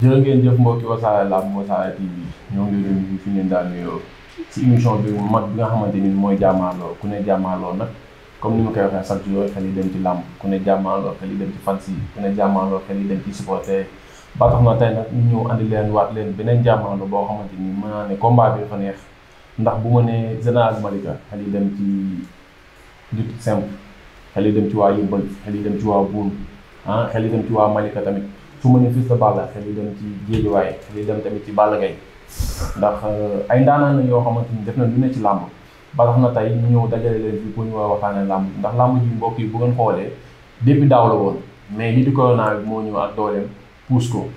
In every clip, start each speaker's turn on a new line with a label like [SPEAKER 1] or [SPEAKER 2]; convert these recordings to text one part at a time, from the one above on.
[SPEAKER 1] jërë ngeen jëf mbokki wasaare làmb wasaare TV ñoo ngi leen ñu fi ngeen daan nuyoo si émission bi mag bi nga xamante ni mooy jàmmaarloo ku ne jàmmaaloo nag comme ni ma koy waxee chaque jour xel ci làmb ku ne jàmmaarloo xel yi dem ci fans yi ku ne jàmmaarloo xel yi dem ci supporter ba leen beneen jàmmaarloo boo xamante ni mën naa ne bi dafa neex ndax bu ma nee général Malika xel dem ci lutte simple xel yi dem ci waa Yëmbal xel yi dem ci waa Buun ah xel yi dem ci waa Malika tamit. su ma ne fils de Balla xel yi dem ci Guédiawaye xel yi dem tamit ci Balla Gaye ndax euh, ay ndaanaan la yoo xamante def na lu ne ci làmb ba tax na tey ñu ñëw dajale leen fii pour ñu war a waxtaanee làmb ndax làmb ji mbokk yi bu ngeen xoolee depuis daaw la woon mais li di corona moo ñëw ak dooleem puus ko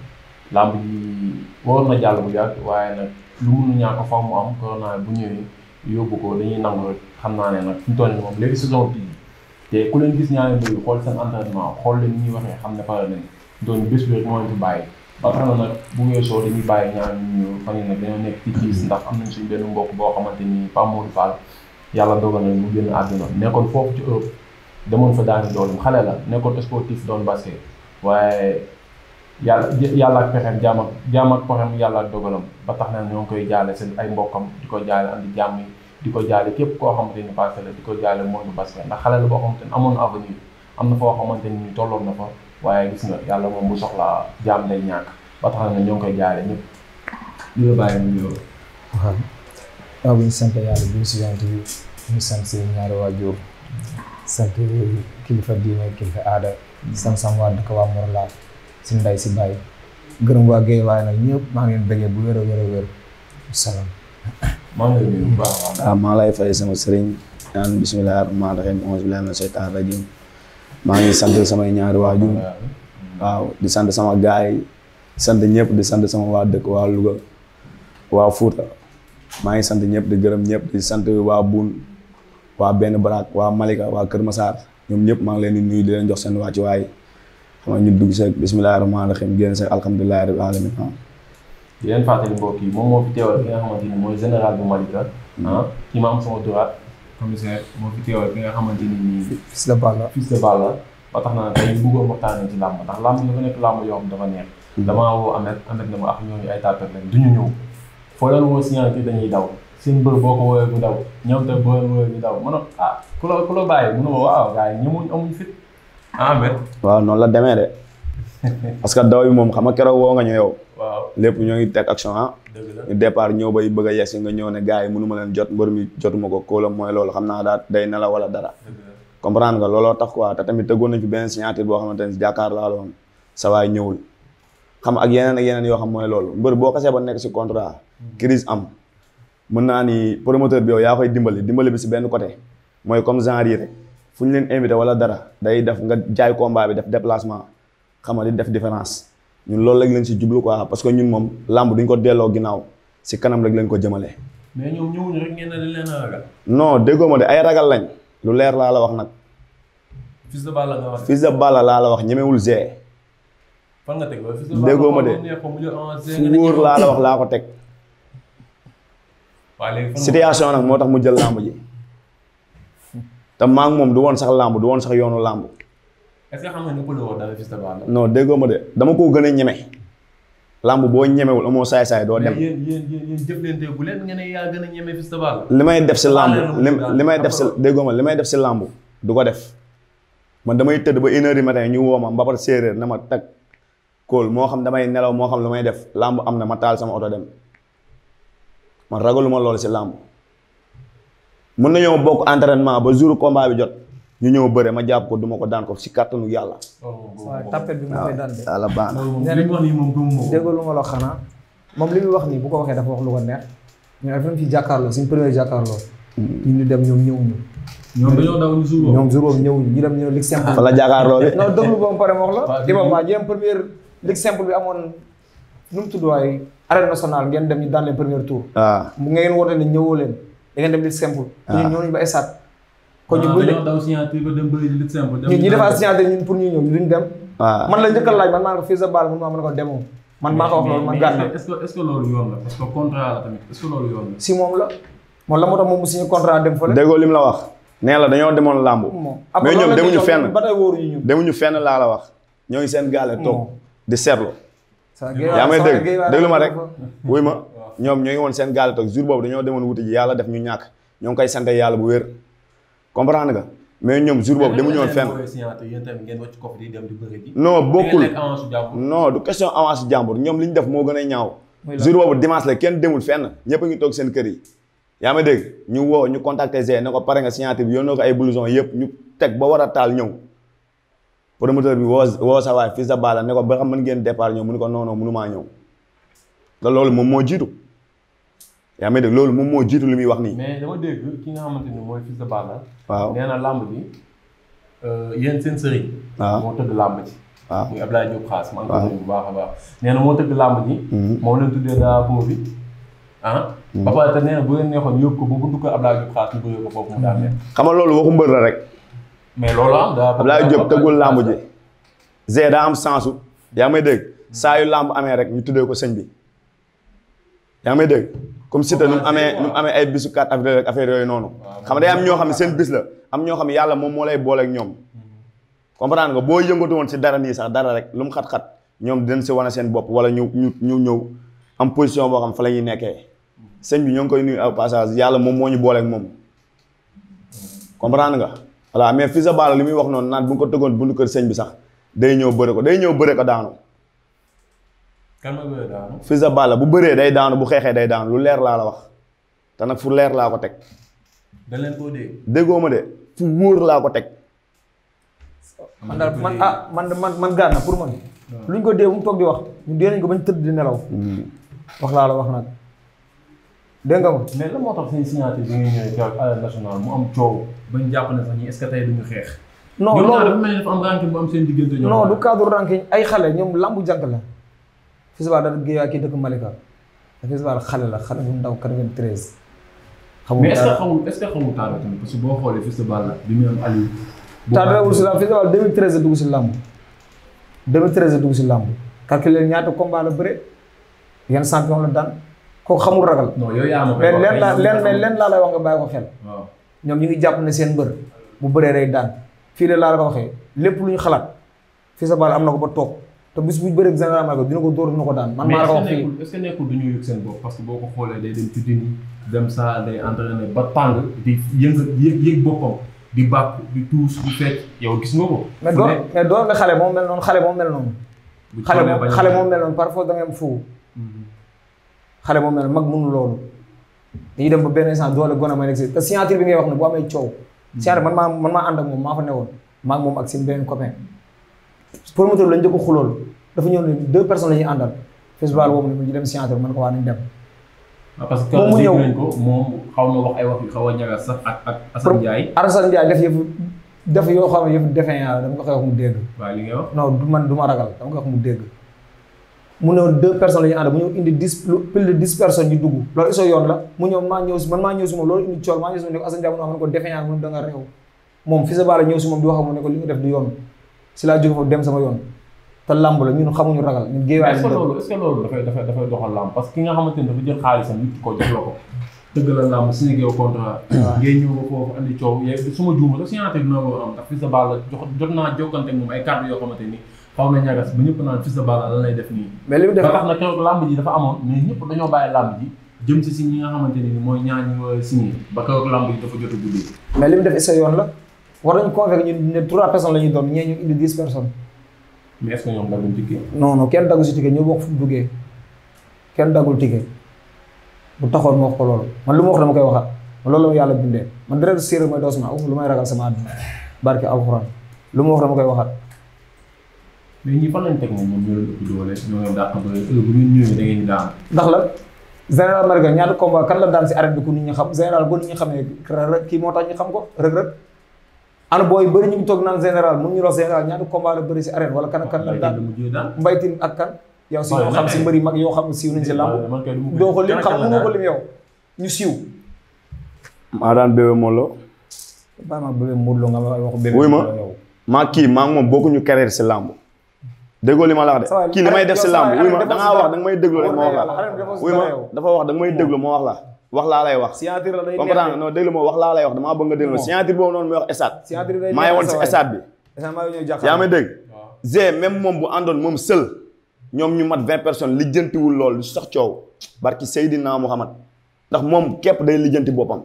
[SPEAKER 1] làmb ji waroon na jàll bu yàgg waaye nag lu mënu ñàkk faw mu am corona bu ñëwee yóbbu ko dañuy nangu xam naa ne nag fi mu toll nii moom léegi saison bii te ku leen gis ñaari mbir xool seen entraînement ñuy waxee xam ne pare nañu doon bés bu rek moo leen fi bàyyi ba tax na nag bu weesoo dañuy bàyyi ñaar ñu fan yi nag dañoo nekk ci tiis ndax am nañ suñu benn mbokk boo xamante ni Pape Modou Fall yàlla dogal na àdduna nekkoon foofu ci Europe demoon fa daani doolum xale la nekkoon sportif doon basket waaye yàlla yàlla ak pexeem jaam ak jaam ak pexeem yàlla ak dogalam ba tax na ñoo ngi koy jaale seen ay mbokkam di ko jaale am di yi di ko jaale képp koo xamante ni passé la di ko jaale monde basket ndax xale la boo xamante ni amoon avenir am na foo xamante ni tolloon na fa waaye gis yàlla moom bu soxlaa jaam day ñàkk ba tax na ñoo ngi koy jaaree ñëpp ñu
[SPEAKER 2] la bàyyi mu ñëw. waaw waaw yàlla bu si yonent bi ñu sant seen ñaari waajur sant kilifa diine kilifa aada sant sam waa dëkk waa Mor si nday si bàyyi gërëm waa Guèye waaye nag ñëpp maa ngi bëggee bu wér wér a wér salaam. maa ngi
[SPEAKER 3] ah, maa lay fay sama sëriñ naan bisimilah rahmaani rahiim auzu billaahi mina shaytaani rajiim maa ngi sant samay ñaari waajur waaw di sant sama gaay sant ñëpp di sant sama waa dëkk waa Louga waa Fouta maa ngi sant ñëpp di gërëm ñëpp di sant waa Boun waa Benn Baraak waa Malika waa Kër Massar ñoom ñëpp maa ngi leen di nuyu di jox seen wàccuwaay ñu dugg seeg bismillahi rahmaani rahim ah.
[SPEAKER 1] moom moo fi teewal ki nga xamante mooy général bu Malika. Ah, imam commissaire moo fi teewal bi nga xamante ni nii. fils de la fils de Balla. ba tax na tey bëggoon waxtaanee ci làmb ndax làmb dafa nekk làmb yoo xam dafa neex. Mm-hmm. damaa woo Ameth Ameth ne ma ak ah, ñooñu ay tapet lañ du ñu ñëw. mu ah, la ku la bàyyi amuñ fit ah Ameth.
[SPEAKER 3] waaw noonu la demee de parce que daw yi moom xam nga keroog woo nga ñu yow. lépp ñoo ngi teg action ah ñu départ ñëw bay bëgg a yegsi nga ñëw ne gars yi mënu leen jot mbër mi jotuma ko kóola mooy loolu xam naa daa day nelaw wala dara comprendre nga looloo tax quoi te tamit tëggoon nañ fi benn signature boo xamante ne jàkkaar laa doon sa waay ñëwul xam ak yeneen ak yeneen yoo xam mooy loolu mbër boo xasee ba nekk si contrat hmm. crise am mën naa ni promoteur bi yow yaa koy dimbali dimbali bi si benn côté mooy comme genre yi rek leen invité wala dara day def nga jaay combat bi def déplacement xam nga di def différence ñun loolu rek lañ si jublu quoi parce que ñun moom làmb duñ ko delloo ginnaaw si kanam rek lañ ko jëmale.
[SPEAKER 1] mais ñoom ñëwuñu
[SPEAKER 3] déggoo ma de ay ragal lañ lu leer laa la wax nag. Fils de Balla laa la wax ñemewul Zé.
[SPEAKER 1] fan nga teg déggoo ma de fu wóor laa la wax laa ko teg. situation
[SPEAKER 3] nag moo tax mu jël làmb ji. te maa ngi moom du woon sax làmb du woon sax yoonu làmb.
[SPEAKER 1] est la woon dara Fils de
[SPEAKER 3] Balla. non déggoo ma de dama koo gën a ñeme. lamb boo ñemewul amoo saay-saay doo dem. a ñeme
[SPEAKER 1] Fils de Balla. li may def si lamb li may def si
[SPEAKER 3] déggoo ma li may def si lamb du ko def. man damay tëdd ba une ma du ñu woo ma mbapat séeréer na ma tag kool moo xam damay nelaw moo xam lu may def làmb am na ma taal sama oto dem man ragaluma lool si lamb. mën nañoo bokk entraînement ba jour combat bi jot. ñu ñëw bëre ma jàpp ko duma ko daan ko si kàttanu yàlla.
[SPEAKER 2] waaw tapet bi mu koy daan de. yàlla lu ma la xanaa moom li muy wax nii bu ko waxee dafa wax lu ko neex ñu ne fi mu jàkkaarloo suñ premier jàkkaarloo. Mm-hmm. ñu ñu dem ñoom ñëwuñu. ñoom dañoo daw ñu jour ñoom jour boobu ñëwuñu ñu dem ñëw lig simple. fa la jàkkaarloo de. non déglu ba mu pare wax la. di ma waa ñu dem premier lig simple bi leen premier tour. Ah. Ah. ñëw ba esat ko ñu ah, bëri dañoo
[SPEAKER 1] daw signature ba dem bëri li simple dem ñi defaat
[SPEAKER 2] signature ñun pour ñu duñ dem waaw ah. man la njëkk laaj man maa ko fii sa baal man maa mën a ko demoo man maa ko wax loolu man gànne est-ce que est la parce que contrat la tamit est si moom la moom la moo tax moom mu signé contrat dem fële déggoo lim la wax
[SPEAKER 3] nee la dañoo demoon làmb
[SPEAKER 2] mais ñoom ñu fenn ba tey wóoruñu ñun
[SPEAKER 3] demuñu fenn laa la wax ñoo ngi seen gaale toog di seetlu
[SPEAKER 2] yaa may dégg déglu ma rek
[SPEAKER 3] wuy ma ñoom ñoo ngi woon seen gaale toog jour boobu dañoo demoon wuti ji yàlla def ñu ñàkk ñoo ngi koy sant yàlla bu wér comprendre nga mais ñoom jour boobu demuñu woon fenn.
[SPEAKER 1] non bokkul
[SPEAKER 3] non du question avance jàmbur ñoom li ñu def moo gën a ñaaw. jour boobu dimanche la kenn demul fenn ñëpp ñu ngi toog seen kër yi. yaa ma dégg ñu woo ñu contacter Zé ne ko pare nga signature bi yónnee ko ay blouson yëpp ñu teg ba war a taal ñëw. promoteur bi woo woo sa waay fii sa baala ne ko ba xam man ngeen départ ñëw mu ne ko noonu non mënumaa ñëw te loolu moom moo jiitu. yaa may dégg loolu moom moo jiitu lu muy wax nii.
[SPEAKER 1] mais dama dégg ki nga xamante ni mooy fils de Balla.
[SPEAKER 3] waaw nee làmb bi
[SPEAKER 1] euh, yéen seen sëriñ.
[SPEAKER 3] waaw moo tëgg làmb ji. waaw
[SPEAKER 1] muy Abdoulaye Diop xaas. a moo tëgg làmb ji. Mm-hmm. moom leen tuddee ah? mm-hmm. bu leen neexoon yóbbu ko ko foofu mu daan nekk.
[SPEAKER 3] xam nga la rek. mais loolu am daa. Abdoulaye Diop tëggul làmb ji. Zé daa am sensu. yaa may dégg mm-hmm. saa yu làmb amee rek ñu tuddee ko sëñ bi yaa may dégg comme Siteu nu mu amee nu mu amee ay bisu 4 avril ak affaire yooyu noonu xam nga day am ñoo xam ne seen bis la am ñoo xam ne yàlla moom moo lay booleeg ñoom comprendre nga boo yëngatu woon si dara nii sax dara rek lu mu xat ñoom dinañ si wane seen bopp wala ñu ñu ñu ñëw am position boo xam fa la ñuy nekkee sëñ bi ñoo ngi koy nuyu au yàlla moom moo ñu booleeg moom comprendre nga voilà mais Fils de Balla li muy wax noonu naan bu ñu ko tëggoon buntu kër sëñ bi sax day ñëw bëre ko day ñëw bëre ko daanu kan mooy bëre bu bëree day daanu bu xeexee day daanu lu leer laa la wax te nag fu leer laa ko teg.
[SPEAKER 2] da leen koo dégg. déggoo ma de fu wóor laa ko teg. man daal man ah man man man gànna luñ ko dee bu mu toog di wax ñu ko bañ tëdd di nelaw. Hmm. wax laa la wax nag. dégg nga ci ne sax ñi est-ce que tey duñu xeex. non loolu dafa mel ni dafa am ranking bu am seen
[SPEAKER 1] diggante ñoom. non du
[SPEAKER 2] cadre ranking ay xale ñoom lambu jàng la. Fils Balla daal Guèye kii dëkk Malika te xale la xale bu ndaw 93. xamul dara
[SPEAKER 1] mais est ce que taal tamit boo xoolee
[SPEAKER 2] Fils Balla bi mu am Aliou. tardewul si làmb si làmb 2013 la dugg si làmb calculer ñaata combat la bëre yan champion la daan xamul ragal. non yooyu yaa mais lenn laa lenn lay wax nga bàyyi ko xel. ñoom ñu ngi jàpp ne seen mbër bu bëree day daan fii de laa la ko waxee lépp lu ñu xalaat Fils Balla am na ko ba toog. te bis bu bëreeg général Malika dina ko dóor dina ko daan. man maa ko wax fii
[SPEAKER 1] mais nekkul du yëg seen bopp parce que boo ko xoolee day dem tuuti nii dem saa day entraîné ba tàng di yëngat yëg yëg boppam di bàq di tuus di fecc yow gis nga ko. mais doon
[SPEAKER 2] mais doon nga xale moom mel xale moom mel noonu.
[SPEAKER 1] bu xale moom xale moom
[SPEAKER 2] mel mm-hmm. xale moom mel mag mënu loolu. dañuy dem ba benn instant doole gone ma nekk si te signature bi ngay wax ne bu amee coow. Mm-hmm. signature man maa man maa ànd ak moom maa fa newoon maa ak moom ak seen beneen promoteur lañ njëkk a xulool dafa ñëw ne deux personnes la ñuy àndal festival boobu ñu dem scientifique man ko ah,
[SPEAKER 1] que mu
[SPEAKER 2] moom xaw na wax ay xaw a ñaga sax ak ak Assane Ndiaye. Assane Ndiaye def yëf def yoo xam ne yëf defee naa la dama ko xew mu dégg. waaw du ma ragal dama ko wax mu dégg. mu ne deux personnes la ñu ànd mu ñëw indi dix plus de dix personnes ñu dugg loolu iso yoon la mu ñëw maa ñëw si man maa ñëw si moom loolu indi cool maa ñëw si moom ne ko Assane Ndiaye mu ne ko defee naa mu ne da nga moom festival la ñëw si moom di wax mu ne li nga def du yoon si laa jóge foofu dem sama yoon te làmb la ñun xamuñu ragal ñun géewaay. est ce que loolu
[SPEAKER 1] est ce que nga xamante ne dafa jël xaalisam nit ko jox la ko. ma juuma sax signature dina jox jot naa jokkante ak moom ay kàddu yoo xamante na ñagas ba ñëpp naan Fils de Balla def nii. mais li mu def ba tax na keroog làmb ji dafa amoon mais ñëpp dañoo si si ñi nga mooy ñaañ signé ba keroog làmb dafa jot a guddee.
[SPEAKER 2] mais li mu def sa yoon la war nañu convaincre ñu ne trois personnes la ñuy doon ñee ñu indi dix personnes. mais est ce que ñoom dagguñu ticket. non kenn daggu si ticket ñoo bokk fu kenn daggul ticket bu taxoon ma wax ko loolu man lu ma wax dama koy waxaat man loolu la ma yàlla bindee man deret séeréer mooy daw sama aw lu may ragal sama àdduna barke alxuraan lu ma wax dama koy waxaat. mais ñi fan lañ teg moom ñoom ñu ñëwee da ngeen di ndax la général Malika ko kan la daan si arène bi ku nit ñi xam général bu nit ñi xamee kii moo tax ñu xam ko rëg ana booy bëri ñu ngi toog naan général mun ñu wax général ñaata combat la bëri si arène wala kan ak kan ak kan yow si mbëri mag yoo xam siiw nañ si làmb doo ko lim xam mënoo ko lim yow ñu siiw
[SPEAKER 3] maa daan bébé Molo
[SPEAKER 2] baa ma bébé
[SPEAKER 3] maa kii maa ngi moom bokkuñu carrière si làmb déggoo li ma la wax de kii li may def si làmb wuy ma dangaa wax danga may déglu rek ma wax la wuy ma dafa wax danga may déglu ma wax la wax laa lay wax. signature la day neexee non déglu ma wax laa lay wax damaa bëgg nga déglu ma signature boobu noonu muy wax stade. signature
[SPEAKER 2] day si stade bi. yaa may
[SPEAKER 3] dégg. waaw même moom bu àndoon moom seul ñoom ñu mat vingt personnes lijjantiwul lool lu sax coow barki naa Muhammad ndax moom képp day lijjanti boppam.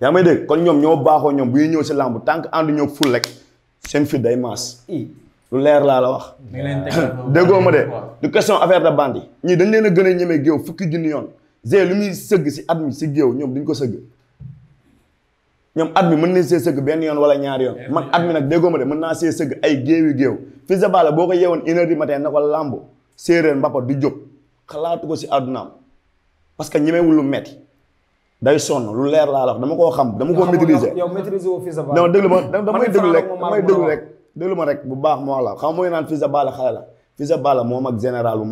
[SPEAKER 3] yaa may dégg kon ñoom ñoo baaxoo ñoom bu ñëw si làmb tànk que ànd ñoo ful rek seen fit day maas. lu leer laa la wax. déggoo ma de du question affaire de bandi ñii dañ leen a gën a ñemee géew fukki junni yoon Zé lu ñuy sëgg si at mi si géew ñoom duñ ko sëgg ñoom at mi mën nañ see sëgg benn yoon wala ñaari yoon man at mi nag déggoo ma de mën naa see sëgg ay géewi géew Fils de Balla boo ko yeewoon une heure du matin na ko làmb séeréer mbappa du jóg xalaatu ko si àddunaam parce que ñemewul lu metti day sonn lu leer laa la wax dama koo xam dama koo maîtriser
[SPEAKER 2] yow maîtriser wu Fils de Balla non déglu ma damay déglu rek damay déglu rek
[SPEAKER 3] déglu ma rek bu baax moo la xam mooy naan Fils de Balla xale la Fils moom ak général bu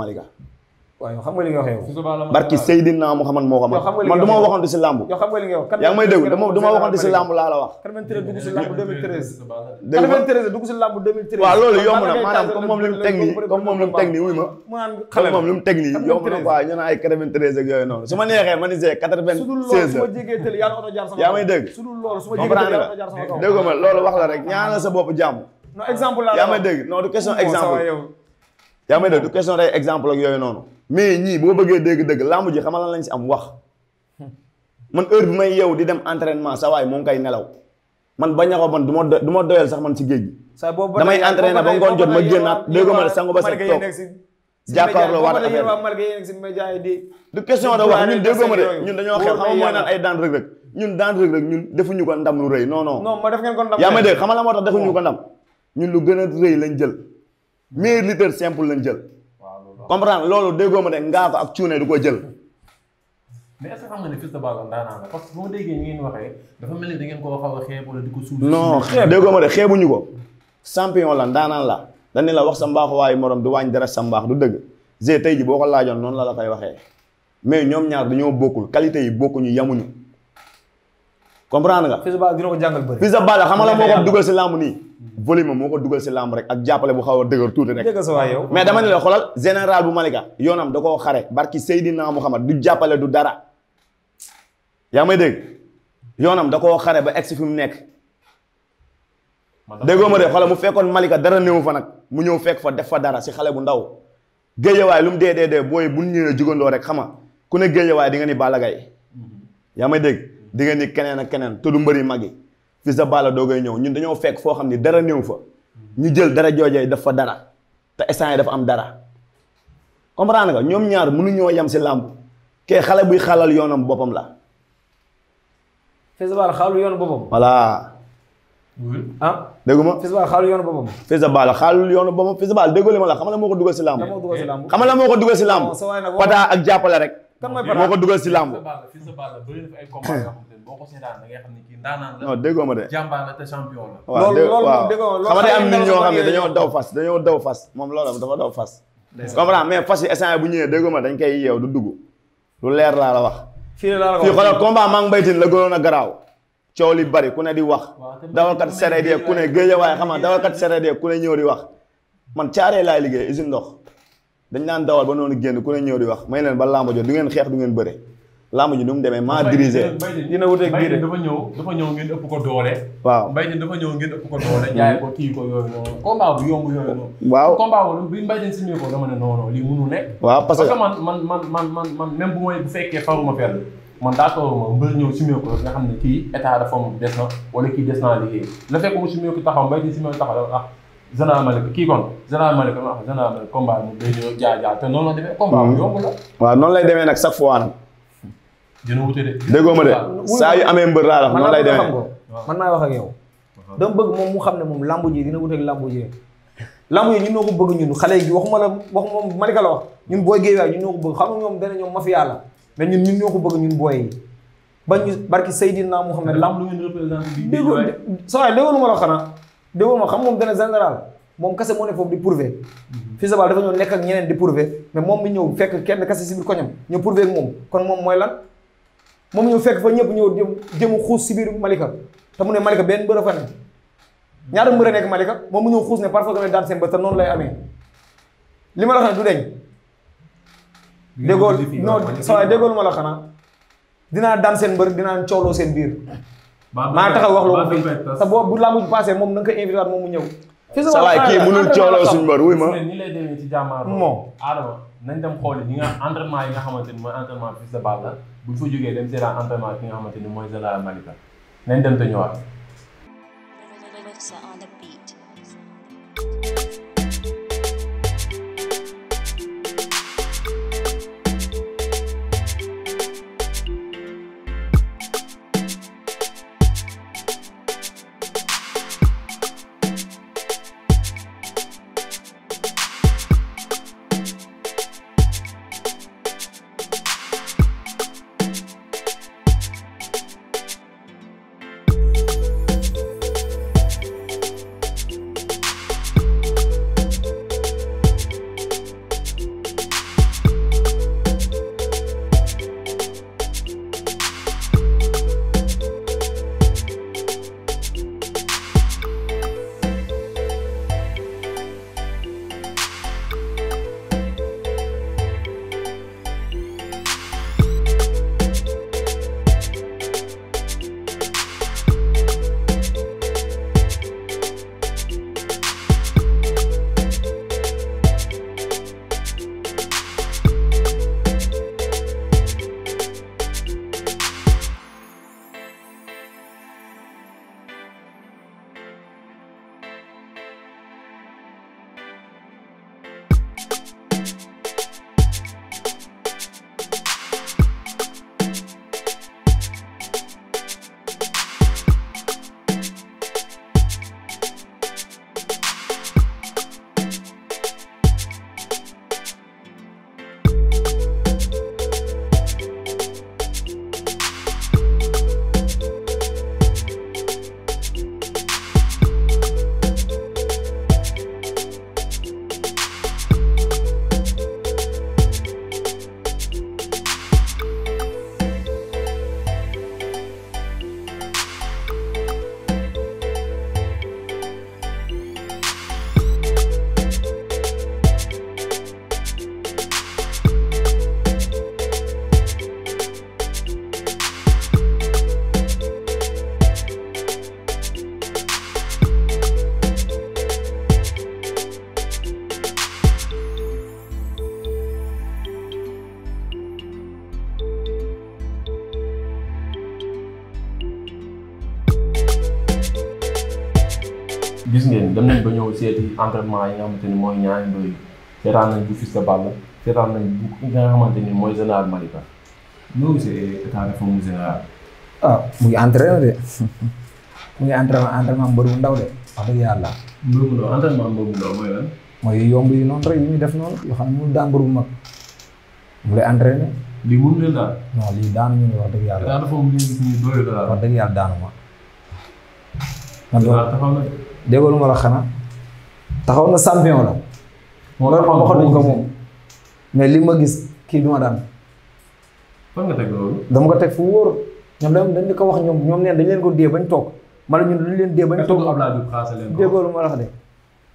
[SPEAKER 2] waaw xam nga li nga wax yow barki
[SPEAKER 3] Seydina Muhammad moo ko man du ma waxante si làmb
[SPEAKER 2] yaa may dégg du ma waxante si làmb laa la wax 93 dugg si làmb 2013 93 dugg si làmb 2013 waaw loolu yomb na maanaam comme moom li
[SPEAKER 3] mu teg nii comme moom li mu teg nii yomb na quoi ñu naan ay 93 ak yooyu noonu su ma neexee ma ni see 96 yaa may dégg wax la rek ñaanal sa bopp jàmm yaa may dégg non du question exemple yaa may dégg du question rek exemple ak yooyu noonu mais ñii boo bëggee dégg-dëgg làmb ji xamal lan lañ si am wax man heure bi may yeewu di dem entraînement sa waay moo ngi koy nelaw man bañ a ko man du ma du ma doyal sax man si géej gi.
[SPEAKER 2] saa boobu damay entraîné ba ngoon jot ma génnaat déggoo ma ne sangu ba set toog.
[SPEAKER 3] jàkkaarloo waat affaire
[SPEAKER 2] bi du question de wax ñun déggoo ma ñun dañoo xew xam nga mooy naan ay
[SPEAKER 3] ñun daan rëg defuñu ko ndam lu rëy non noo non
[SPEAKER 2] ma def yaa ma dégg xam
[SPEAKER 3] nga la moo tax defuñu ko ndam ñun lu gën a rëy lañ jël meilleur lutteur simple lañ jël comprendre loolu déggoo ma de ngaaka ak cuune du ko jël.
[SPEAKER 1] mais est-ce que ñu ngeen waxee dafa mel ni da ngeen a
[SPEAKER 3] ko suul. non ko. champion la ndaanaan la dañ la wax sa mbaaxu waayu morom du wàññi dara sa mbaax du dëgg tey ji boo ko laajoon noonu la la koy waxee mais ñoom ñaar dañoo bokkul qualité yi bokkuñu yamuñu comprendre nga.
[SPEAKER 2] Fils de Balla dina la moo ko dugal
[SPEAKER 3] si làmb nii volume moo ko dugal si làmb rek ak jàppale bu xaw a dëgër tuuti rek mais dama ne la xoolal général bu Malika yoonam da koo xare barki mu xama du jàppale du dara yaa may dégg yoonam da koo xare ba egsi fi mu nekk déggoo ma de xoolal mu fekkoon Malika dara néew fa nag mu ñëw fekk fa def fa dara si xale bu ndaw géejawaay lu mu dee dee dee booy bu ñëwee jugandoo rek xama ku ne géejawaay di nga ni balagay mm-hmm. yaa may dégg di nga ni keneen ak keneen te du mbëri mag yi Fils de Balla doo koy ñëw ñun dañoo fekk foo xam ni dara néew fa ñu jël dara joojee daf fa dara te instant dafa am dara comprendre nga ñoom ñaar mënuñoo yem si làmb kee xale buy xalal yoonam boppam la.
[SPEAKER 2] Fils de Balla xaalu yoonu boppam.
[SPEAKER 3] voilà. ah. déggu ma Fils
[SPEAKER 2] de Balla xaalu yoonu boppam.
[SPEAKER 3] Fils de Balla xaalu yoonu boppam Fils déggoo li ma la xam la moo ko dugal si làmb.
[SPEAKER 2] moo
[SPEAKER 3] la moo ko dugal ak jàppale rek. moo ko dugal si làmb.
[SPEAKER 1] boo ko seetaan da déggoo ma de. waaw loolu déggoo xam nga am nit ñoo xam ne dañoo
[SPEAKER 3] daw fas dañoo daw fas moom loolu dafa daw fas. comprends mais fas yi instant bu ñëwee déggoo ma dañ koy yeew du dugg lu leer laa la wax.
[SPEAKER 2] fii la la ko xoolal
[SPEAKER 3] combat maa ngi baytin la gënoon a garaaw coow li bari ku ne di wax dawalkat sereet yi ku ne géej waaye xam nga dawalkat sereet yi ku ne ñëw di wax man caaree laay liggéey usine ndox dañ naan dawal ba noonu génn ku ne ñëw di wax may leen ba làmb jot du ngeen xeex du ngeen bëre lamb ji nu mu demee maa diriger
[SPEAKER 1] dina wuteeg a dafa ñëw dafa ñëw ngeen ëpp ko doole waaw Mbaye dafa ñëw ngeen ëpp ko doole jaay ko kii noonu waaw combat bu man man man man man man même bu may bu fekkee faruma fenn man daa tooruma mbër ñëw simee ko na wala kii des naa liggéey la fekk mu simee ko taxaw Mbaye simee ko taxaw ah kii kon général Malick ah général Malick combat mu day ñëw jaay noonu bu hmm. yomb la
[SPEAKER 3] waaw noonu lay demee nag chaque fois nag dina wute de. déggoo ma
[SPEAKER 2] de saa yu amee mbër laa la noonu lay demee man maay wax ak yow. dama bëgg moom mu xam ne moom lambu ji dina wuteeg lambu ji lambu ji ñun ñoo ko bëgg ñun xale yi waxuma la la wax ñun booy géewaay ñun ñoo ko bëgg xam nga ñoom dana ñoom mafia la ñun ko bëgg ñun booy yi ba ñu barki Seydina Mouhamed lambu lu ngeen représenté bi dégg sa waay déggoo ma la xanaa déggoo xam moom dana moo nekk foofu di prouvé fii sa dafa ñëw nekk ak ñeneen di prouvé mais moom mi ñëw fekk kenn kase si biir koñam ñu prouvé moom kon moom mooy lan moom ñëw fekk fa ñëpp ñëw jëm jëmu xuus si biir Malika te mu ne Malika benn mbër fa nekk ñaata mbër a nekk Malika moom mu ñëw xuus ne parfois damay daan seen bët te noonu lay amee li ma la xam ne du deñ déggoo non saa déggoo lu ma la xanaa dinaa daan seen mbër dinaa cooloo seen biir
[SPEAKER 3] maa taxaw wax loo ma
[SPEAKER 2] fi te boo bu làmb ji passé moom na nga ko invité waat moom mu ñëw sa waay kii mënul cooloo suñu
[SPEAKER 3] mbër wuy ma
[SPEAKER 1] ni lay moom nañ dem xool ñi nga entraînement yi nga xamante ni mooy entraînement Fils de Balla bu ñu fa jógee dem seetaan entraînement ki nga xamante ni mooy Général Malika nañ dem te ñëwaat. seeti entraînement yi nga xamante ni mooy ñaari ndoy seetaan nañ bu Fils de Balla seetaan nañ bu nga de mu
[SPEAKER 2] ngi entraîné de mu ma entraînement entraînement mbër ndaw de wax dëgg yàlla. mbër bu ndaw entraînement mooy yomb yi noonu rek yi muy def noonu yoo xam ne mu daan mbër bu mag mu lay entraîné. lii lii daanu ñu wax dëgg yàlla. daanaka moom ñu ngi daanu ma. man ma la xanaa. taxaw na champion la. loolu xam waxoon nañ ko moom. mais ma gis kii du ma daan. fan nga teg loolu. dama dañ di ko wax ñoom ñoom neen dañ leen ko dee bañ toog mala ñun dañ leen dee bañ toog déggoo lu ma la wax de.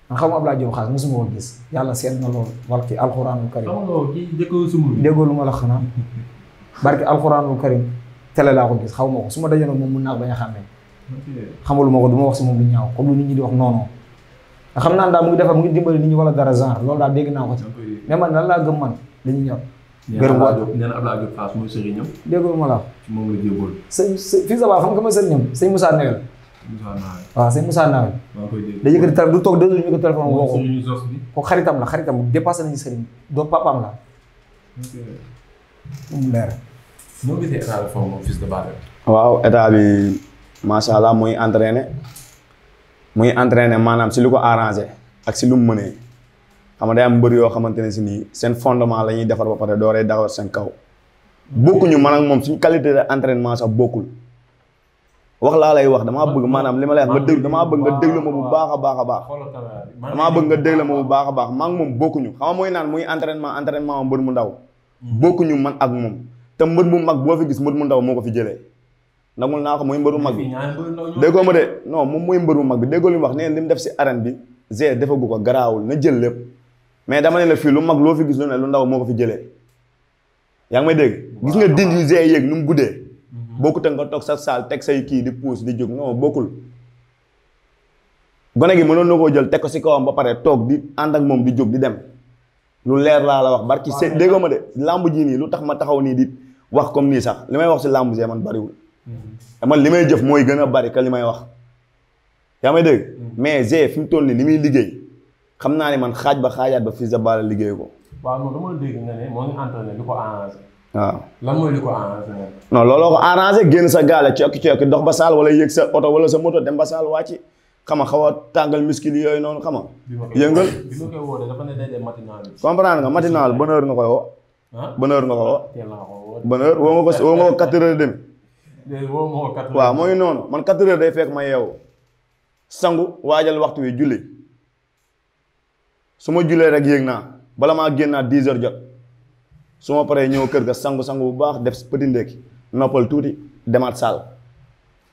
[SPEAKER 2] man xaw ma Abdoulaye Diop xaas gis yàlla seet na loolu barki alxuraanul karim déggoo lu ma la xanaa barki alxuraanul karim tele laa ko gis xaw ma ko su ma dajaloon moom mun naa bañ a xàmmee xamalu ma ko du wax si moom lu ñaaw comme lu nit ñi di wax noonu xam naa daal mu ngi defar mu ngi dimbali nit ñi wala dara genre loolu daal dégg naa ko ci mais man lan laa gëm man li ñor gërëm waajur la moom la jébool sëñ sa xam nga ma sëriñam sëñ Moussa Nawel waaw sëñ Moussa Nawel day yëkkati téléphone du toog deux jours ñu ko téléphone woo ko ko xaritam la xaritam dépassé nañu sëriñ doo papaam la leer
[SPEAKER 3] waaw état bi macha allah mooy entraîné muy entraîner maanaam si lu ko arrangé ak si lu mu mënee xam nga day am mbër yoo xamante ne si nii seen fondement la ñuy defar ba pare dooree dawar seen kaw. bokkuñu man ak moom suñu qualité de entraînement sax bokkul wax laa lay wax damaa bëgg maanaam li ma lay wax nga déglu damaa bëgg ma bu baax a baax a baax. damaa bëgg nga déglu ma bu baax a baax maa moom bokkuñu xam nga mooy naan muy entraînement entraînement mbër mu ndaw. bokkuñu man ak moom te mbër mu mag boo fi gis mbër mu ndaw moo ko fi jëlee. nangul naa ko muy mbëru mag bi déggoo ma de non moom muy mbëru mag bi déggoo li mu wax nee li mu def si arène bi Zé defagu ko garaawul na jël lépp mais dama ne la fii lu mag loo fi gis lu ne lu ndaw moo ko fi yaa ngi may dégg gis nga din mu guddee mhm. bokkut ak nga toog sa saal teg say kii di di jóg non bokkul gone gi mënoon na koo jël teg ko si kawam ba pare toog di ànd ak moom di jóg di dem lu leer laa la wax barki se déggoo ma de làmb ji nii lu tax ma taxaw nii di wax comme nii sax li may wax si làmbu Zé man bariwul man li may jëf mooy gën a bari ka li may wax yaa may dégg mm. mais Zé fi mu toll nii li muy liggéey xam naa ne man xaaj ba xaajaat ba Fils de liggéey ko
[SPEAKER 1] waaw non dama dégg nga ne moo ngi entraîné
[SPEAKER 3] looloo ko arrangé génn sa gaale cokki cokki dox ba saal wala yéeg sa oto wala sa moto dem ba saal wàcc xama xaw a tàngal muscle yooyu noonu a yëngal
[SPEAKER 1] bi ma koy woo dafa ne day
[SPEAKER 3] dem matinal comprendre nga matinal bonne heure nga koy woo nga koy woo woo nga ko woo nga ko quatre heures waaw mooy noonu man quatre day fekk ma yeewu sangu waajal waxtu wi julli su ma jullee rek yéeg naa bala maa génnaat dix heures jot su ma paree ñëw kër ga sangu sangu bu baax def petit ndékki noppal tuuti demaat saal.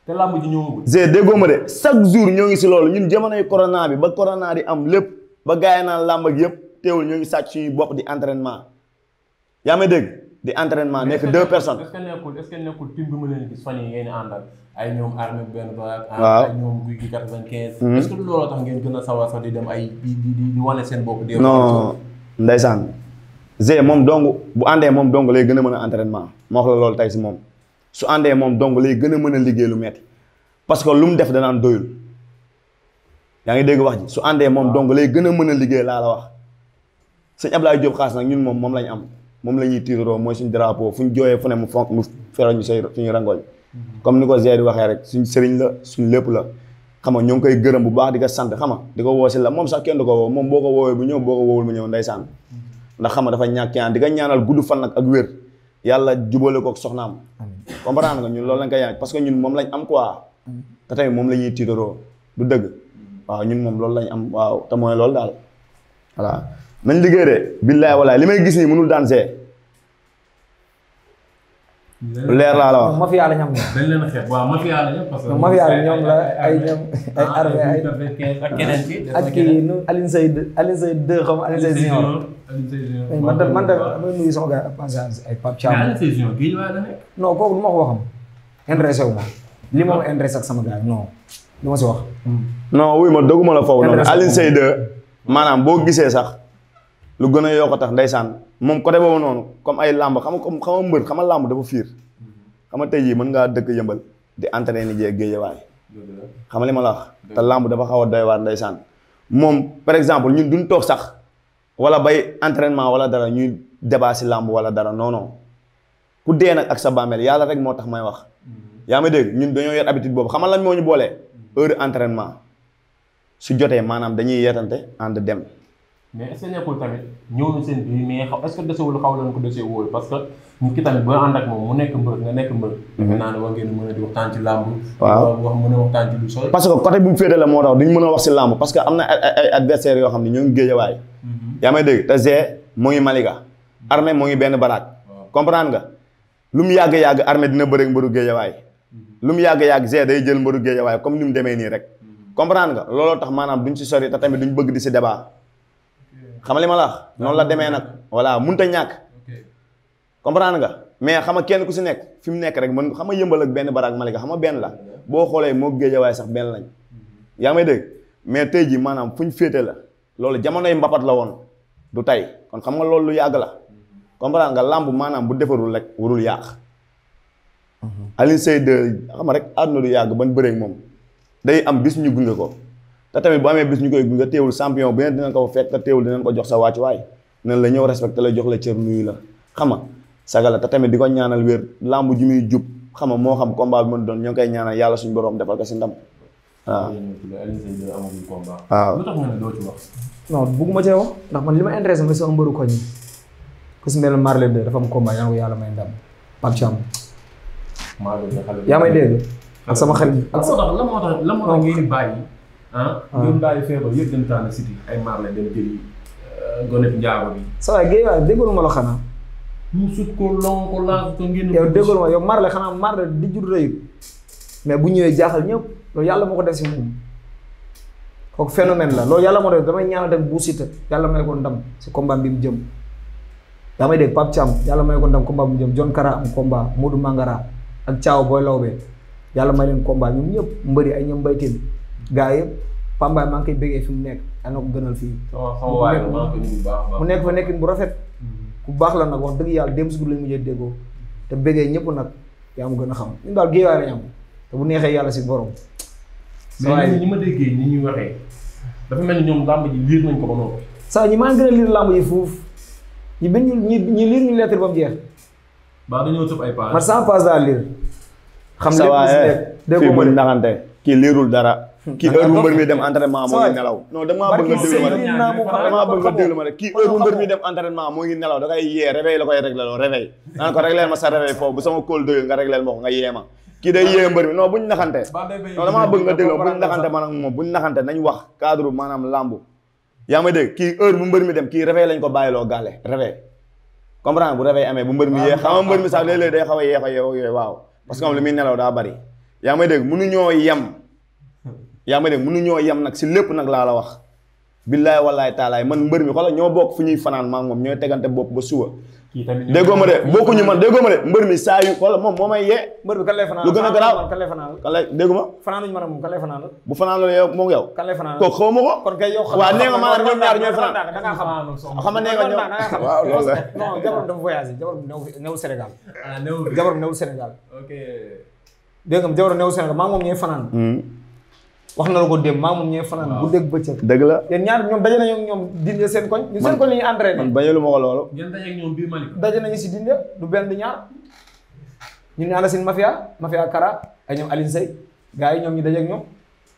[SPEAKER 3] te làmb ji ñëwagul. Zé déggoo ma de chaque jour ñoo ngi si loolu ñu jamonoy corona bi ba corona di am lépp ba gaay naan làmb ak yëpp teewul ñoo ngi sàcc suñuy bopp di entrainement yaa ma dégg. di entraînement nekk deux personnes. est-ce
[SPEAKER 1] que nekkul est-ce que nekkul team bi ay ñoom armée benn ba. waaw ay ñoom guy gi mm-hmm. ngeen gën a sawar di dem ay di seen bopp. non
[SPEAKER 3] ndeysaan. Zé moom dong bu àndee moom dong lay gën a mën a entraînement ma wax la loolu tey si moom su àndee moom dong lay gën a mën a liggéey lu metti parce que lu mu def danaan doyul yaa ngi dégg wax ji su àndee moom dong lay gën a mën a liggéey laa la wax sëñ Ablaye Diop xaas nag ñun moom moom lañ am. moom la ñuy tiitaroo mooy suñu drapeau fu ñu jooyee fu ne mu fonk mu feral ñu say suñu rangoñ comme ni ko Zé di waxee rek suñ sëriñ la suñ lépp la xam nga ñoo ngi koy gërëm bu baax di ko sant xam nga di ko woo si la moom sax kenn du ko woo moom boo ko woowee bu ñëw boo ko woowul mu ñëw saan ndax xam nga dafa ñàkk ñaan di ko ñaanal gudd fan nag ak wér yàlla jubale ko ak soxnaam comprendre nga ñun loolu lañ koy ñaan parce que ñun moom lañ am quoi te moom la ñuy tiitaroo du dëgg waaw ñun moom loolu lañ am waaw te mooy loolu daal voilà nañ liggéey de billaay li may gis nii mënul daan see. leer la
[SPEAKER 2] wax
[SPEAKER 1] mafia la ñam dañ leen xeex ñam que mafia la la ay ñoom
[SPEAKER 2] ay armée ay ak ki nu Alioune Seye Alioune Seye deux xam Alioune Seye Junior man tam man sama gars passage ay Pape Thiam non kooku lu ma ko waxam intéressé ma li ma intéressé ak sama gars non lu ma si wax hmm.
[SPEAKER 3] non wuy ma doguma la foofu noonu Alioune Seye deux maanaam boo gisee sax lu gën a yoo ko tax ndeysaan moom côté boobu noonu comme ay làmb xam nga comme xam a mbër xam nga làmb dafa fiir xam nga tey jii mën ngaa dëkk yëmbal di entraîné jee géejewaay xam nga li ma la làmb dafa xaw a doy waar moom par exemple ñun duñ toog sax wala bay entraînement wala dara ñuy débat si làmb wala dara non non ku dee nag ak sa bàmmeel yàlla rek moo tax may wax yaa ma dégg ñun dañoo yor habitude boobu xam lañ moo ñu boolee heure entraînement su jotee maanaam dañuy yeetante ànd dem
[SPEAKER 1] mais est-ce tamit ñëw na seen biir que desewul xaw leen ko parce que ñu ki mu nekk mbër nga nekk mbër. Mhm. mën a di waxtaan ci làmb. waaw wax ci lu parce que
[SPEAKER 3] côté bi mu féete la moo tax duñ mën a wax si làmb parce que am na ay adversaires yoo xam ne ñoo ngi géejawaay. Mhm. yaa may dégg te G moo ngi ga mhm. armée moo ngi benn baraat. comprend nga lu mu yàgg yàgg armée dina bëre ak mbëru géejawaay. lu mu yàgg yàgg G day jël mbëru géejawaay comme ni mu demee nii rek. comprendre nga looloo tax maanaam ñu si sori te tamit duñ bëgg di si débat xamali ma la noonu la demee nag voilà mënut ñàkk comprendre nga mais xam nga kenn ku si nekk fi mu nekk rek man xam nga yëmbal ak benn baraak Malika xam nga benn la boo xoolee moo géejawaay sax benn lañ mhm. yaa may dégg mais tey ji maanaam fu ñu féete la loolu jamonoy mbapat la woon du tey kon xam nga loolu lu yàgg la mhm. comprendre nga làmb maanaam bu defarul rek warul yàq mhm. Alioune Seye de xam nga rek àdduna du yàgg ban bëreeg moom day am bis ñu gunge ko te tamit bu amee bis ñu koy gunge teewul champion bu ne dinañ ko fekk te teewul dinañ ko jox sa wàccuwaay nan la ñëw respecté la jox la cër nuyu la xam nga sagala te tamit di ko ñaanal wér làmb ji muy jub xam nga moo xam combat bi mën doon ñoo koy ñaanal yàlla suñu borom defal ko si ndam waaw. waaw lu tax nga ne
[SPEAKER 2] doo ci bugguma cee wax ndax man li ma intéressé mooy sama mbëru koñ ku si mel ne Marley de dafa am combat yaa yàlla may ndam Pape Thiam.
[SPEAKER 1] yaa may dégg ak sama xarit. ak sa lan moo ah. ñun daal di feebar euh,
[SPEAKER 2] la xanaa. yow déggul yow maar xanaa maar di jur rëyul mais bu ñëwee jaaxal ñëpp loolu yàlla moo ko def si moom. kooku la loolu yàlla moo def damay ñaanal dem bu yàlla may ko ndam si combat bi mu jëm. daa dégg Pape yàlla may ko ndam combat bi mu jëm John Kara am combat Modou Mangara ak Thiaw Boy Lawbe yàlla may leen combat ñoom ñëpp mbëri ay ñoom mbayteen gaa yëpp Pambaay maa ngi koy béggee fi mu nekk ana ko gënal fii. Oh, mu nekk fa nekkin bu rafet. Mm-hmm. ku baax la nag wax dëgg yàlla démb si guddi lañ mujjee déggoo te bëggee ñëpp nag yaa mu gën a xam ñun daal géewaay lañ neexee yàlla si borom. mais ma déggee ni ñuy waxee dafa maa gën a liir làmb ji foofu ñu bind ñu ñu liir ñu lettre ba mu jeex. baax dañoo tëb ay pages. man sans page daa liir.
[SPEAKER 3] xam lépp lu si nekk eh, dégg kii liirul dara kii heure bu mbër mi dem entraînement moo ngi nelaw non damaa bëgg ma rek damaa bëgg nga déglu ma rek kii heure bu mbër mi dem entraînement moo ngi nelaw da koy yee réveil la koy réglé loo réveil naan ko réglé ma sa réveil foofu bu sama kóol doyul nga réglé ma ko nga yee ma kii day yee mbër mi non buñ naxante non damaa bëgg nga wax cadre maanaam lambu yaa may dégg kii heure bu mbër mi dem kii réveil lañ ko bàyyiloo gàlle réveil comprendre bu réveil amee bu mbër mi yee xam mbër mi sax léeg-léeg day xaw a yee ko yooyu waaw parce que moom li muy nelaw daa bari yaa may dégg mënu yaa ma dégg mënuñoo yem nag si lépp nag laa la wax billaay wallaay taalaay man mbër mi xoolal ñoo bokk fu ñuy fanaan maa moom ñooy tegante bopp ba suba
[SPEAKER 2] déggoo ma de
[SPEAKER 3] bokkuñu man déggoo ma de mbër mi saa yu xoolal moom moo may yee mbër bi kan
[SPEAKER 2] lay fanaan lu a garaaw kan lay fanaan
[SPEAKER 3] kan lay déggu ma
[SPEAKER 2] fanaanuñu man moom kan lay fanaan
[SPEAKER 3] bu fanaan loolu yow moom yow kan lay fanaan kooku xaw ma ko kon kay yow xam da ngaa xam
[SPEAKER 2] xam nga moom ñooy fanaan hmm. wax na la ko démb maa moom ñooy fanaan bu dégg bëccëg dëgg la ñoom daje nañu ñoom dinde seen koñ ñu seen koñ la ñuy entraîné man
[SPEAKER 3] bañalu ma ko loolu
[SPEAKER 2] ngeen daje nañu si dinde du benn ñaar ñun ñu ànd seen mafia mafia kara ay ñoom Aline Sey yi ñoom ñu daje ak ñoom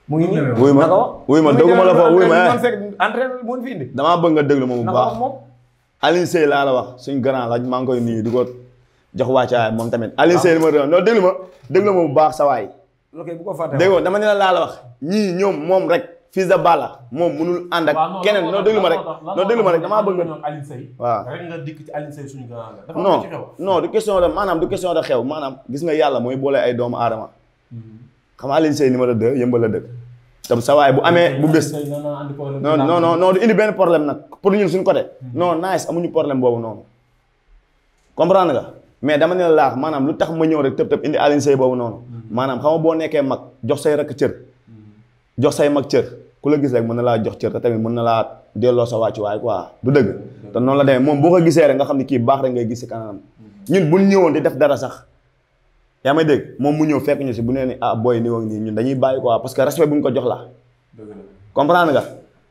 [SPEAKER 2] mu
[SPEAKER 3] ngi nii ma wuy ma dëgguma la ma eh.
[SPEAKER 2] fekk entraîné moo fi indi
[SPEAKER 3] damaa bëgg nga déglu ma moom Aline laa la wax suñ grand la maa ngi koy nuyu di ko jox moom tamit Aline Sey li ma déglu ma ma bu baax sa waay
[SPEAKER 2] ok bu ko fàtte dégg nga
[SPEAKER 3] dama ne la laa la wax ñii ñoom moom rek Fils de Balla moom munul ànd ak keneen noo déglu ma rek noo déglu ma rek damaa bëgg
[SPEAKER 1] Alioune Seye waaw rek nga dikk ci Alioune Seye suñu grand non
[SPEAKER 3] non de maanaam du question de nga yàlla mooy boole ay doomu aadama mhm. xam nga Alioune Seye numéro 2 yëmbal la dëkk tam sa waay bu amee bu bés
[SPEAKER 1] non non non non du
[SPEAKER 3] indi benn problème nag pour ñun suñu côté mhm. non nice amuñu problème boobu noonu comprendre nga mais dama ne la laax maanaam lu tax ma ñëw rek tëb tëb indi Alioune boobu noonu maanaam xam boo nekkee mag jox say rakk cër jox say mag cër ku la gis rek mën na laa jox cër te tamit mën na laa delloo sa wàccuwaay quoi du dëgg te noonu la demee moom boo gisee rek nga xam ne kii baax rek ngay gis si kanam ñun buñ ñëwoon di def dara sax yaa may dégg moom mu ñëw fekk ñu si bu nee ni ah booy nii woon ñun dañuy bàyyi quoi parce que respect bu ñu ko jox la comprendre nga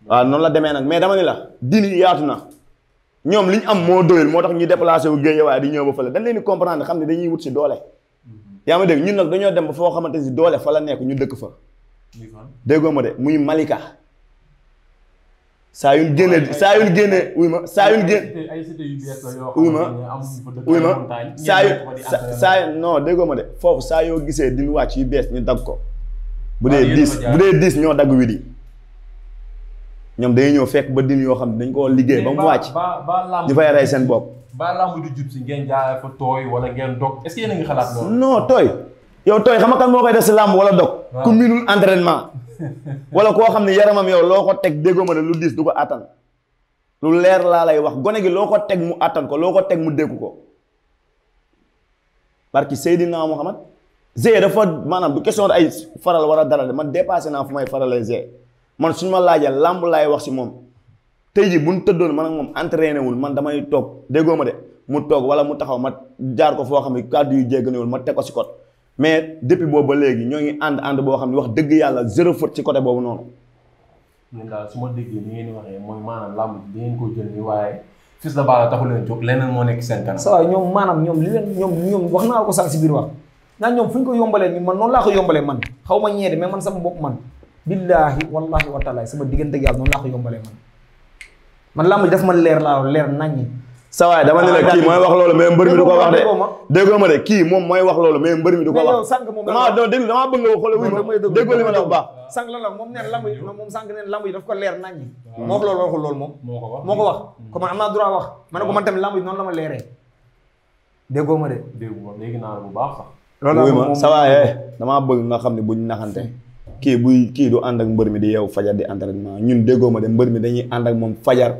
[SPEAKER 3] waaw noonu la demee nag mais dama ni la dini yaatu na ñoom li ñu am moo doyul moo tax ñu déplacé wu géej waaye di ñëw ba fële dañ leen di xam ne dañuy wut si doole yaa ma dégg ñun nag dañoo dem ba foo xamante si doole fa la nekk ñu dëkk fa. déggoo ma de muy Malika. saa yu génne saa yu génne uy ma saa yu génne
[SPEAKER 1] uy ma uy ma saa yu
[SPEAKER 3] saa déggoo ma de foofu saa yoo gisee din wàcc yu bees ñu dagg ko bu dee dix bu dee dix ñoo dagg wi ñoom dañuy ñëw fekk ba din yoo xam ne dañ koo liggéey ba mu wàcc ñu fay rey seen bopp
[SPEAKER 1] ba lamb du jub si ngeen jaay fa tooy wala ngeen dog est-ce a ngi
[SPEAKER 3] xalaat loolu. tooy yow tooy xam nga kan moo koy def si lamb wala dog. ku minul entraînement. wala koo xam ne yaramam yow loo ko teg déggoo ma ne lu diis du ko attan. lu leer laa lay wax gone gi loo ko teg mu àttan ko loo ko teg mu dégg ko. naa mu Muhammad Zé dafa maanaam du question ay faral war a dara de man dépassé naa fu may faralee Zé man suñu ma laajee làmb laay wax si moom. tey ji bu ñu tëddoon man ak moom entraîné wul man damay toog déggoo ma de mu toog wala mu taxaw ma jaar ko foo xam ne kàddu yu jégganiwul ma teg ko si côté mais depuis boobu ba léegi ñoo ngi ànd ànd boo xam ne wax dëgg yàlla zéro faute ci côté boobu noonu.
[SPEAKER 1] ñun daal su ma déggee ni ngeen di waxee mooy maanaam làmb di ko jël nii waaye
[SPEAKER 2] Fils de Balla taxu leen moo nekk seen kanam. sa maanaam ñoom li leen ñoom ñoom wax naa ko sax si biir wax naan ñoom fu ñu ko yombalee ni man noonu laa ko yombalee man xaw ma ñeede mais man sama bopp man billaahi wallaahi wa taala sama diggante yàlla noonu laa ko yombalee man man làmb ji daf ma leer laa leer naññi.
[SPEAKER 3] sawaay dama ne kii mooy wax loolu mais mbër mi du ko wax de déggoo ma de kii moom mooy wax loolu mais mbër mi du ko wax dama dama déglu dama bëgg nga xool la baax
[SPEAKER 2] sànq moom neen lamb yi yi daf ko leer nañ moo wax loolu waxul loolu moom moo ko wax comme am naa wax ma ne ko man tamit lamb yi ma leeree déggoo ma de dégg naa
[SPEAKER 1] bu baax sax
[SPEAKER 3] loolu ma sawaay eh, damaa bëgg nga xam ne buñ naxante kii buy kii du ànd ak mbër mi di yow fajar di entraînement ñun déggoo ma de mbër mi dañuy ànd ak moom fajar.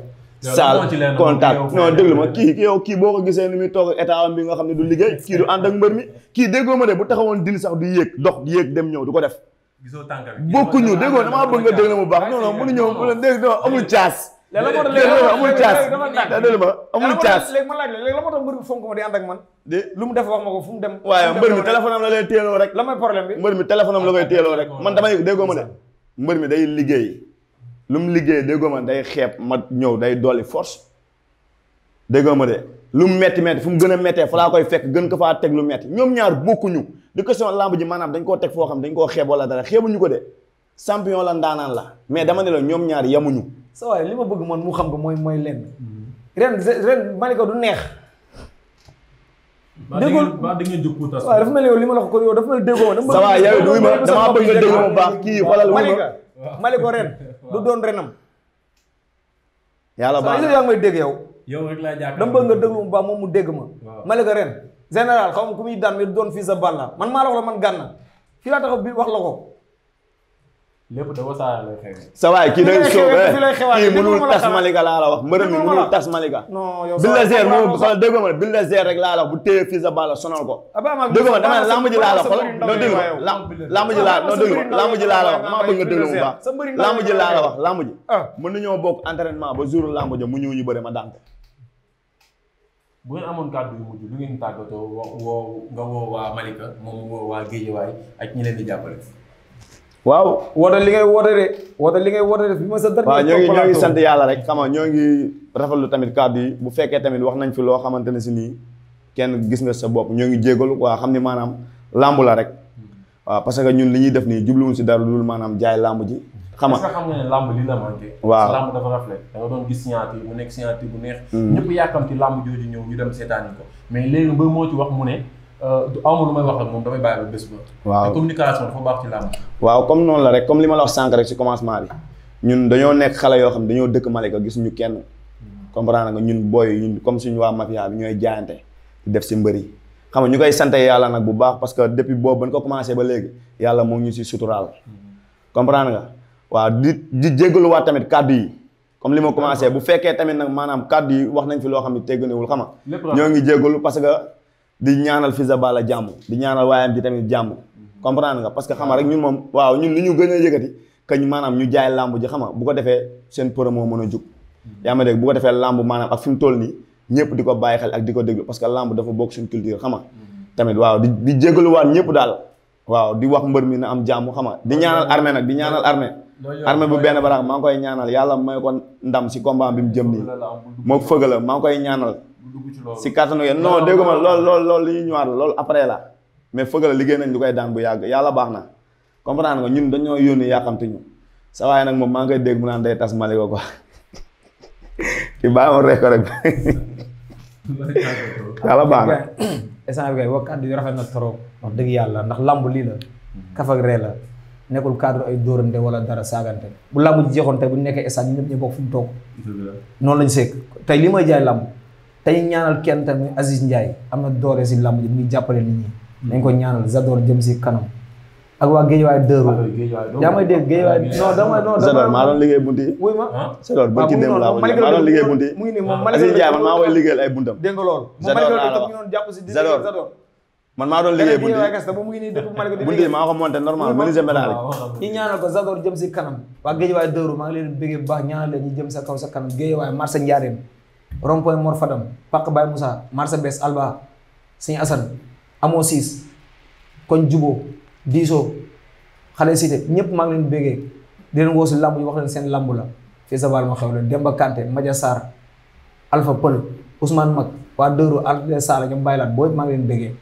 [SPEAKER 3] saal contact non déglu ma kii yow kii boo ko gisee ni muy toog ak état bi nga xam ne du liggéey kii du ànd ak mbër mi kii déggoo ma de bu taxawoon dil sax du yéeg dox yéeg dem ñëw du ko def. gisoo tànk bokkuñu déggoo damaa bëgg nga déglu mu baax non non mënu ñëw dégg amul caas léegi la ma ma amul caas
[SPEAKER 2] léegi ma laaj la léegi ak man. de lu mu def wax ma ko fu mu dem.
[SPEAKER 3] waaye mbër mi téléphone la lay teeloo rek. la mooy bi mbër mi téléphone am la koy teeloo rek man damay déggoo ma de. mbër mi day liggéey lu mu liggéey déggoo ma day xeeb ma ñëw day dolli force déggoo ma de lu mu metti metti fu mu gën a mettee fu laa koy fekk gën ko faa teg lu metti ñoom ñaar bokkuñu di question lamb ji maanaam dañ koo teg foo xam dañ koo xeeb wala dara xeebuñu ko de champion la ndaanaan
[SPEAKER 2] la mais dama ne
[SPEAKER 3] ñoom ñaar yamuñu
[SPEAKER 2] sa waay li ma bëgg man mu xam ko mooy mooy lenn. Mm-hmm. ren ren ko du neex. déggul ba da ngeen jóg dafa mel yow li ma la ko kon dafa mel ni déggoo ma. ça va yow duy ma dégg ma baax kii xoolal ma Malika Malika ren du doon renam. yàlla baax na yaa ngi may yow. yow rek laa jàkkaarloo dama bëgg nga déglu mu baax moom mu dégg ma. ko ren général xaw ma ku muy daan mi doon fii sa Balla man maa la wax la man gànna fii laa taxaw bi wax la ko. lépp da wasaare lay
[SPEAKER 3] xewee. kii day soobee kii mënul tas Malika laa la wax mbërëm mi tas Malika.
[SPEAKER 2] non yow Bulldozer moom
[SPEAKER 3] xool dégg ma rek laa bu téye sa balla sonal ko. dégg ma dama ne lamb ji la ma lamb ji laa non ma lamb ji laa la wax déglu mu baax lamb la wax lamb ji. Ah. mën nañoo bokk entraînement ba jour lamb ja mu ñëw ñu bëri ma daan ko.
[SPEAKER 1] bu ngeen amoon kàddu yu mujj lu ngeen tàggatoo woo nga woo waa Malika moom ak ñi leen di jàppale
[SPEAKER 2] waaw woote li ngay woote de woote li ngay woote de bi ma sa waaw ñoo ngi ñoo ngi sant yàlla rek xam ñoo ngi rafetlu tamit
[SPEAKER 3] kàddu yi bu fekkee tamit wax nañ fi loo xamante ne si nii kenn gis nga sa bopp ñoo ngi jégalu waa xam ni maanaam làmb la rek waaw parce que ñun li ñuy def nii jubluwuñ si dara loolu maanaam jaay làmb ji
[SPEAKER 2] xam nga
[SPEAKER 1] xam nga ne làmb li la manqué waaw làmb dafa rafet da nga doon gis signature mu nekk signature bu neex mm. ñëpp ci làmb jooju ñëw ñu dem seetaani ko mais léegi ba moo ci wax mu ne du euh, amul lu may wax ak moom
[SPEAKER 3] waaw comme noonu la rek comme li ma la wax sànq rek si commencement bi ñun dañoo nekk xale yoo xam dañoo dëkk ko gis ñu kenn. comprendre nga ñun booy ñun comme suñu waa mafia bi ñooy jaayante def si mbër yi xam nga ñu koy sant yàlla nag bu baax parce que depuis boobu ba ñu ko commencé ba léegi yàlla moo ñu si suturaal. comprendre nga waaw di di jégaluwaat tamit kàddu yi. comme li ma commencé bu fekkee tamit nag maanaam kàddu yi wax nañ fi loo xam ne tegganewul xam nga. ñoo di ñaanal Fils de Balla jàmm di ñaanal waayam ci tamit jàmm comprendre nga parce que rek ñun moom waaw ñun li ñu gën a yëkkati kañ maanaam ñu jaay làmb ji xama bu ko defee seen promo mën a jug yaa ma dégg bu ko defee làmb maanaam ak fi mu toll nii ñëpp di ko bàyyi xel ak di ko déglu parce que làmb dafa bokk suñu culture xama tamit waaw di di jégaluwaat ñëpp daal waaw di wax mbër mi na am jàmm xama di ñaanal armée nag di ñaanal armée armée bu benn b maa ngi koy ñaanal yàlla may ko ndam si combat bi mu jëm nii moo fëgg koy ñaanal dugg ci si kattanu yéen non dégg ma lool lool lool li ñu ñëwaat la loolu après la mais fëgala liggéey nañ du koy daan bu yàgg yàlla baax na comprendre nga ñun dañoo yónni yàqamti ñu nag moom maa ngi koy dégg tas ma rek ko rek
[SPEAKER 2] yàlla baax na essence bi kay wax kàddu yu rafet na trop wax dëgg yàlla ndax lamb lii la kaf ak ree la nekkul cadre ay dóorante wala dara saagante bu lamb ji jeexoon tey bu ñu nekkee essence ñu bokk fu mu toog noonu lañ seeg tey lii mooy jaay lamb tey ñaanal kenn tamit Aziz Ndiaye am na doole si làmb ji mu ngi jàppale nit ñi. nañ ko ñaanal Zador jëm si kanam. ak waa Géejawaay Dóor. yaa may dégg Géejawaay non dama non Zador
[SPEAKER 3] maa doon liggéey bunti. wuy ma ah. Zador ba ci dem laa ko maa doon liggéey bunti. mu ngi nii moom ah. Malika Aziz Ndiaye man maa koy liggéeyal ay buntam. dégg nga loolu moom Malika la toog ñu
[SPEAKER 2] doon jàpp si Zador
[SPEAKER 3] man maa doon liggéey bunti bunti maa ko monté normal menuisier métal
[SPEAKER 2] ñi ñaanal ko Zador jëm si kanam waa Géejawaay Dóor maa ngi leen bëggee bu baax ñaanal leen ñu jëm sa kaw sa kanam Géejawaay marché Njaareem rond-point Mor Fadam Pàq Baye Moussa marché Bes Alba Sëñ Assane amoo siis koñ juboo diisoo xale cité ñëpp maa ngi leen béggee di leen woo si wax leen seen làmb la fii sa baal ma xew la Demba Kanté Madia Sarr Alpha Pël Ousmane Mag waa Dóoru Alpha Sarr ñoom bàyyi laat boobu maa ngi leen béggee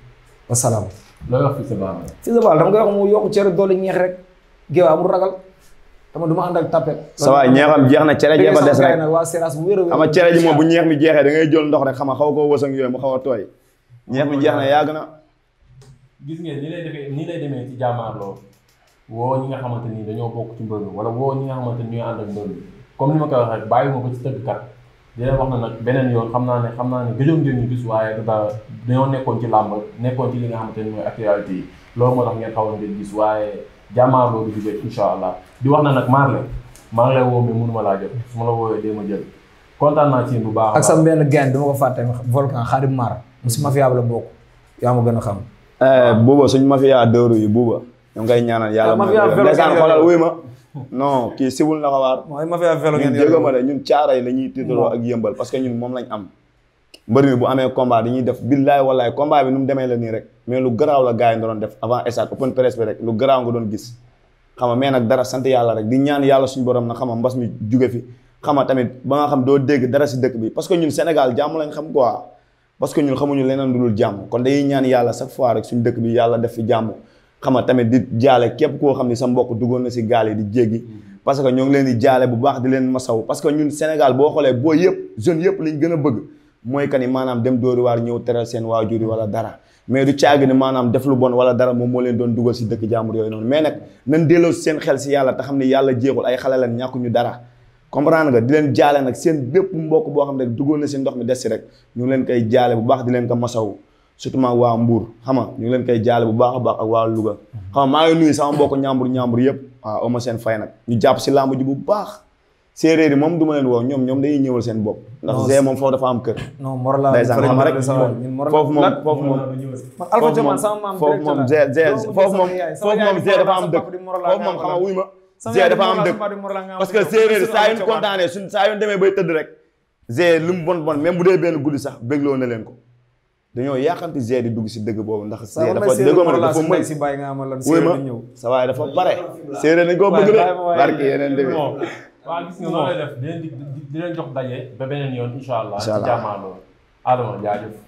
[SPEAKER 2] wasalaam. loolu sa baal. fii dama koy wax mu yokk cere doole ñeex rek géew amul ragal. dama du ma ànd ak tapet. sa waay ñeexam jeex na cere jee ba des rek waa Seras a wér. xam nga cere ji moom bu ñeex
[SPEAKER 3] mi jeexee da jël ndox rek xam xaw koo wësang yooyu mu xaw a tooy. ñeex mi jeex na yàgg na.
[SPEAKER 1] gis ngeen ni lay defee ni lay woo ñi nga xamante ni dañoo bokk ci wala woo ñi nga xamante ni ñooy ànd comme ni ma koy waxee bàyyi ma ko ci tëggkat di leen wax na nag beneen yoon xam naa ne xam naa ne gëjoon ngeen ñu gis waaye da dañoo nekkoon ci làmb nekkoon ci li nga xamante ni mooy actualité yi loolu moo tax ngeen xawoon gis waaye jàmmaarloo bi jógee incha allah di wax na
[SPEAKER 2] nag Marley maa ngi lay woo mais ma laa jot su ma la woowee dee ma jël kontaana naa bu baax ak sama benn gaynde dama ko fàtte volcan xarit Mar hmm. su mafia la bokk yaa ma gën a xam.
[SPEAKER 3] Eh, buuba suñu mafia dëwru yi buuba ñu ngi ñaanal yàlla. Ah, ma vélo ngeen xoolal wuy ma. non kii siwul na xawaar. mooy mafia vélo ngeen ma de ñun caara yi la ñuy tiitaloo hmm. ak yëmbal parce que ñun moom lañ am. mbëri mi bu amee combat dañuy def billaay wallaay combat bi nu mu demee la nii rek mais lu garaaw la gars yi doon def avant stade open press bi rek lu garaaw nga doon gis xam mais nag dara sant yàlla rek di ñaan yàlla suñu borom na xam nga mbas mi jóge fi xam nga tamit ba nga xam doo dégg dara si dëkk bi parce que ñun Sénégal jàmm lañ xam quoi parce que ñun xamuñu leneen lu dul jàmm kon day ñaan yàlla chaque fois rek suñu dëkk bi yàlla def fi jàmm xam nga tamit di jaale képp koo xam ni sa mbokk duggoon na si gaal yi di jéggi parce que ñoo ngi leen di jaale bu baax di leen masaw parce que ñun Sénégal boo xoolee boo yëpp jeune yëpp lañ gën a bëgg mooy que ni maanaam dem dóori waar ñëw teral seen waajur yi wala dara mais du caagi ni maanaam def lu bon wala dara moom moo leen doon dugal si dëkk jàmbur yooyu noonu mais nag nan delloo seen xel si yàlla te xam ne yàlla jéexul ay xale lan ñàkkuñu dara comprendre nga di leen jaale nag seen bépp mbokk boo xam ne dugal na si ndox mi des si rek ñu ngi leen koy jaale bu baax di leen ko masawu surtout maa waa Mbour xam ñu ngi leen koy jaale bu baax a waa Louga xam nga maa ngi nuyu sama mbokk yëpp waaw ama fay nag ñu jàpp si làmb ji bu baax séeréer yi moom du ma leen woo ñoom ñoom dañuy ñëwal seen bopp. ndax Zé moom foofu moom
[SPEAKER 2] foofu moom. man am dëkk foofu moom xam nga
[SPEAKER 3] wuy ma. Zé am dëkk
[SPEAKER 2] parce que séeréer saa yu ñu kontaanee
[SPEAKER 3] suñ saa yu demee bay tëdd rek. Zé lu bon bon même dee benn guddi sax bégloo na leen ko. dañoo yàqanti Zé di dugg si dëgg boobu ndax Zé dafa déggoo ma dafa mën wuy bëgg de barki yeneen
[SPEAKER 1] waaw gis nga noonu lay def di leen di leen jox daje ba beneen yoon incha allah. incha allah ci jàmmaarloo Adama jaajëf.